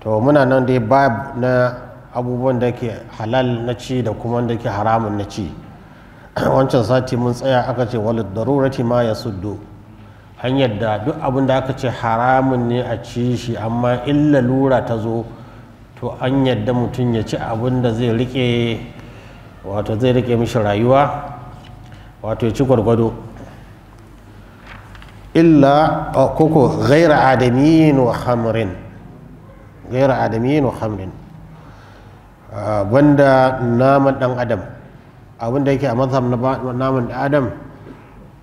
to muna nan dai ba na abubuwan da ke halal na ci da kuma da ke haramun na ci wancan sati mun tsaya aka ce wal darurati ma ya suddo hanyar da duk abin da aka ce haramun ne a ci shi amma illa lura ta zo to an yadda mutum ya ci abin da zai rike wato zai rike mishi rayuwa wato ya ci gwargwado illa koko ghaira adamin wa hamrin gaira adamiyin wa hamlin banda naman dan adam abin da yake a mazhab naman dan adam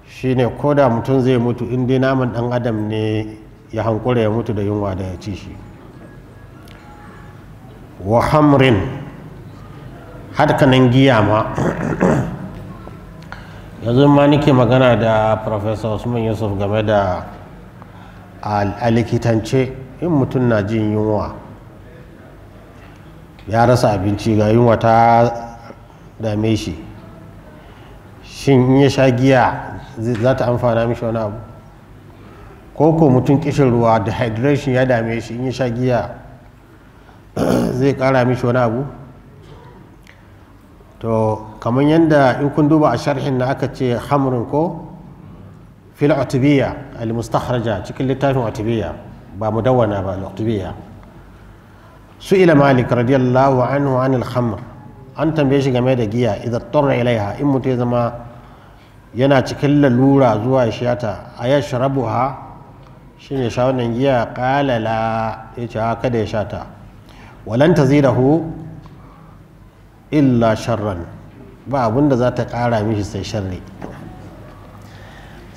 shine ko da mutum zai mutu in dai naman dan adam ne ya hankura ya mutu da yunwa da ya ci shi wa hamrin nan giya ma yanzu ma nake magana da professor usman yusuf game da a likitance in mutum na jin yunwa ya rasa abinci ga yunwa ta dame shi shin in ya sha giya za ta amfana mishi wani abu ko ko mutum kishin ruwa dehydration ya dame shi in ya sha giya zai kara mishi wani abu to kamar yadda in kun duba a sharhin na aka ce hamrin ko fil atibiya al-mustakhraja cikin littafin atibiya ba mu dawana ba lokutubiya su ila malik radiyallahu anhu an khamr an tambaye shi game da giya idan tarra ilaiha in mutu ya zama yana cikin lalura zuwa ya ta a ya sharabu ha shi ne sha wannan giya kalala ya ce haka da ya sha ta walanta zirahu illa sharran ba abinda za ta kara mishi sai sharri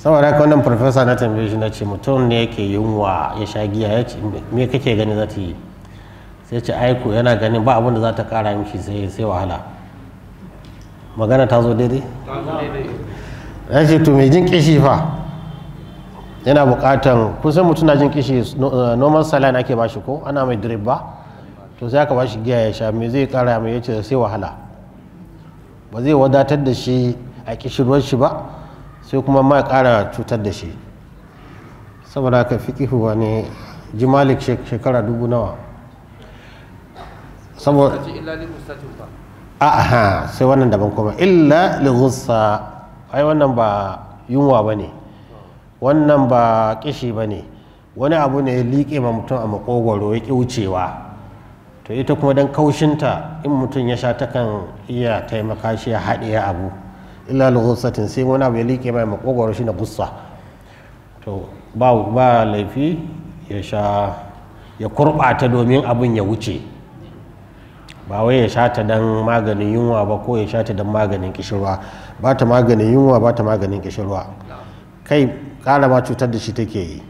saboda haka wannan farfesa na tambaye shi na ce mutum ne yake yunwa ya sha giya ya ce me kake gani za ta yi sai ce aiko yana ganin ba abin da za ta kara mishi sai sai wahala magana ta zo daidai ya ce jin kishi fa yana bukatan kun san mutum na jin kishi eh, normal saline ake bashi ko ana mai drip ba to sai aka bashi giya ya sha me zai kara mai ce sai wahala ba zai wadatar da shi a kishirwar shi ba sai kuma ma kara cutar da shi saboda fi fikihu ne ji malik shekara dubu nawa saboda aha sai wannan daban kuma illa lagusa ai wannan ba yunwa ba ne wannan ba kishi ba ne wani abu ne ya liƙe ma mutum a makogoro ya ƙi wucewa to ita kuma don kaushinta in mutum ya sha takan iya taimaka shi ya haɗe ya abu illa lughusatin sai wani abu ya liƙe mai makogoro shi na gussa to ba ba laifi ya sha ya kurɓata domin abin ya wuce ba wai ya sha ta dan maganin yunwa ba ko ya sha ta dan maganin kishirwa ba ta maganin yunwa ba ta maganin kishirwa kai ƙara cutar da shi take yi